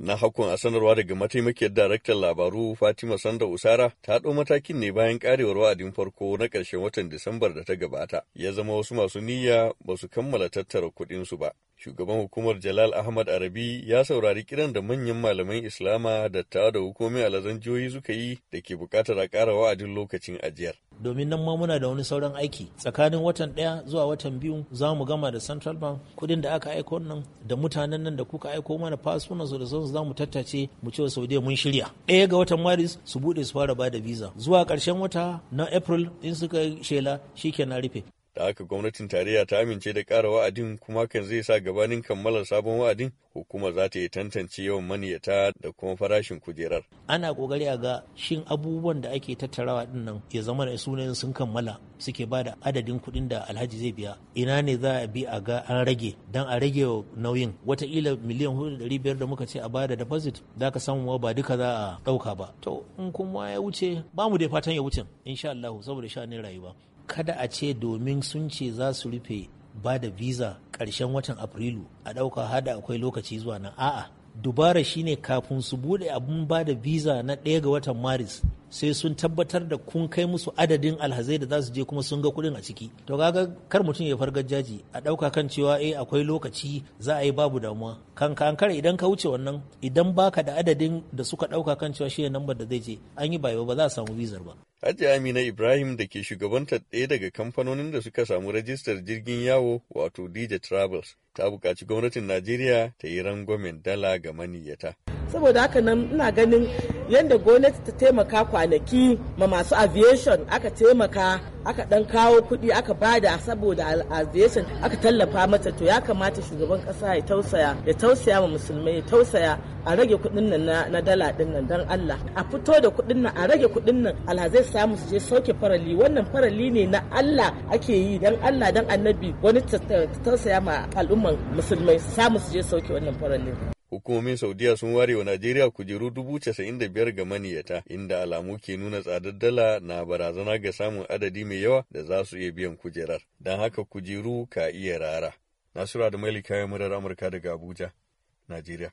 na hakun a sanarwa daga mataimakiyar daraktan labaru Fatima Sanda Usara ta ɗau matakin ne bayan karewar wa'adin farko na ƙarshen watan Disambar da ta gabata. Ya zama wasu masu niyya ba su kammala tattara kuɗinsu ba. Shugaban hukumar Jalal Ahmad Arabi ya saurari kiran da manyan malaman Islama da ta da hukumomin alazan suka yi da ke buƙatar a ƙara wa'adin lokacin ajiyar. domin nan ma muna da wani sauran aiki tsakanin watan ɗaya zuwa watan biyu za mu gama da central bank kuɗin da aka aiko nan da mutanen nan da kuka aiko mana fasuna su da sun za mu tattace mu ce saudi mun shirya ɗaya ga watan maris su buɗe su fara bada visa zuwa ƙarshen wata na april in suka shela shi na rufe da haka gwamnatin tarayya ta amince da ƙara wa'adin kuma kan zai sa gabanin kammalar sabon wa'adin hukuma za ta yi tantance yawan maniyata da kuma farashin kujerar. Ana kokari a ga shin abubuwan da ake tattarawa din nan ya zama da sunayen sun kammala suke ba da adadin kuɗin da alhaji zai biya. Ina ne za a bi a ga an rage don a rage wa nauyin wataƙila miliyan hudu da biyar da muka ce a bada deposit za ka samu ba duka za a ɗauka ba. To in kuma ya wuce ba mu dai fatan ya wuce insha Allah saboda ne rayuwa. kada a ce domin sun ce za su rufe ba da visa ƙarshen watan afrilu a ɗauka hada akwai lokaci zuwa nan a'a dubara shine kafin su bude abun ba da visa na ɗaya ga watan maris sai sun tabbatar da kun kai musu adadin alhazai da za su je kuma sun ga kuɗin a ciki to kaga kar mutum ya fargar jaji a ɗauka kan cewa eh akwai lokaci za a yi babu damuwa kan kan kare idan ka wuce wannan idan baka da adadin da suka ɗauka kan cewa shi ne lambar da zai je an yi bayo ba za a samu bizar ba Hajji Amina Ibrahim da ke shugabantar ɗaya daga kamfanonin da suka samu rajistar jirgin yawo wato DJ Travels ta buƙaci gwamnatin Najeriya ta yi rangwamen dala ga maniyyata. Saboda haka nan ina ganin yadda gwamnati ta taimaka kwanaki ma masu aviation aka taimaka aka dan kawo kuɗi aka bada saboda al'adation aka tallafa mata to ya kamata shugaban kasa ya tausaya ya tausaya wa musulmai ya tausaya a rage kuɗin nan na dala ɗin nan don Allah a fito da kuɗin nan a rage kuɗin nan alhazai samu su je soke farali wannan farali ne na Allah ake yi don Allah don annabi wani tausaya ma al'umman musulmai samu su je sauke wannan farali Hukumomin Saudiya sun ware wa Najeriya kujeru dubu casa'in da biyar ga maniyyata, inda alamu ke nuna tsadar dala na barazana ga samun adadi mai yawa da za su iya biyan kujerar. Don haka kujeru ka iya rara. Nasiru da Malika kayan murar Amurka daga Abuja, Najeriya.